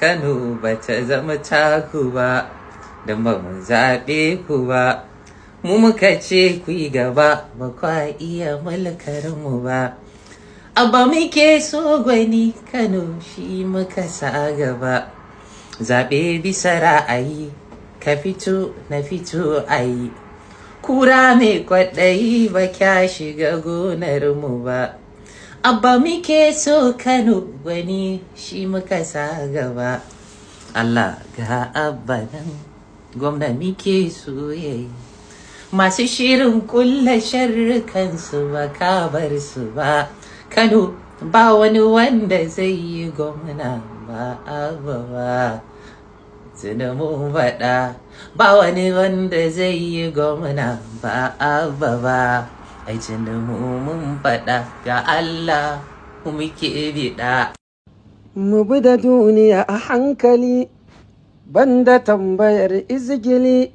Kano ba ta zama taku ba, da ba zaɓe ku ba. Mu muka ce ku yi gaba, ba kwa iya mulkarinmu ba. Abba muke so gwani Kano shi muka sa gaba. Zaɓe bisa ra'ayi, ka fito na fito ayi. Kura mai kwaɗayi ba kya shiga gonarmu ba. abba muke so kano gwani shi muka sa gaba allah ga abba nan gwamna muke soyayi masu shirin kulla sharrukansu ba kabar su ba kano ba wani wanda zai yi gwamna ba abba ba mu faɗa ba wani wanda zai yi gwamna ba abba ba ai mu mun faɗa ga Allah ku muke biɗa. Mu bi da duniya a hankali banda tambayar izgili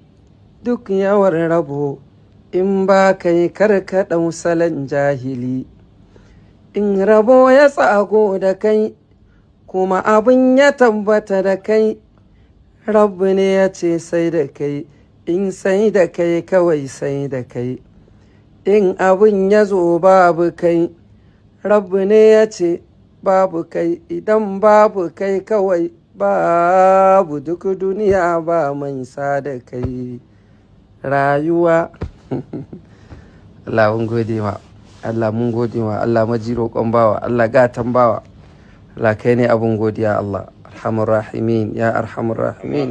duk yawan rabo in ba kai karkaɗan salon jahili. In rabo ya tsago da kai kuma abun ya tambata da kai rabu ne ya ce sai da kai in sai da kai kawai sai da kai. in abin ya zo babu kai rabu ne ya ce babu kai idan babu kai kawai babu duk duniya ba mansa da kai rayuwa Allah mun godewa, Allah mun godewa Allah maji roƙon bawa Allah gatan bawa Allah kai ne abun godiya Allah arhamur rahimin ya arhamur rahimin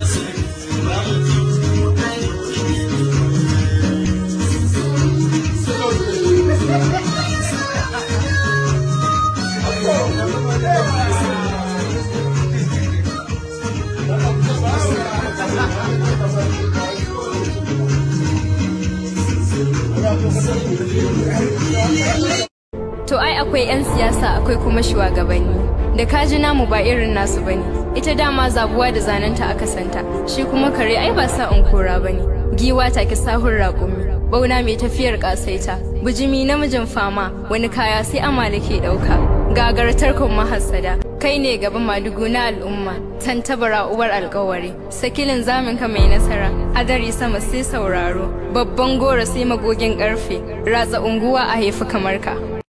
To ai akwai 'yan siyasa akwai kuma shugabanni. Da kaji namu ba irin nasu bane. Ita dama zabuwa da zananta aka santa. Shi kuma kare ai ba sa kora bane. Giwa take sahun raƙumi. Bauna mai tafiyar ƙasaita. Bijimi namijin fama wani kaya sai amalake ke ɗauka. Gagartar kun mahasada. kai ne gaba madugu na al'umma tantabara uwar alkawari sakilin ka mai nasara adari sama sai sauraro babban gora sai magogin karfe ratsa unguwa a haifi kamar ka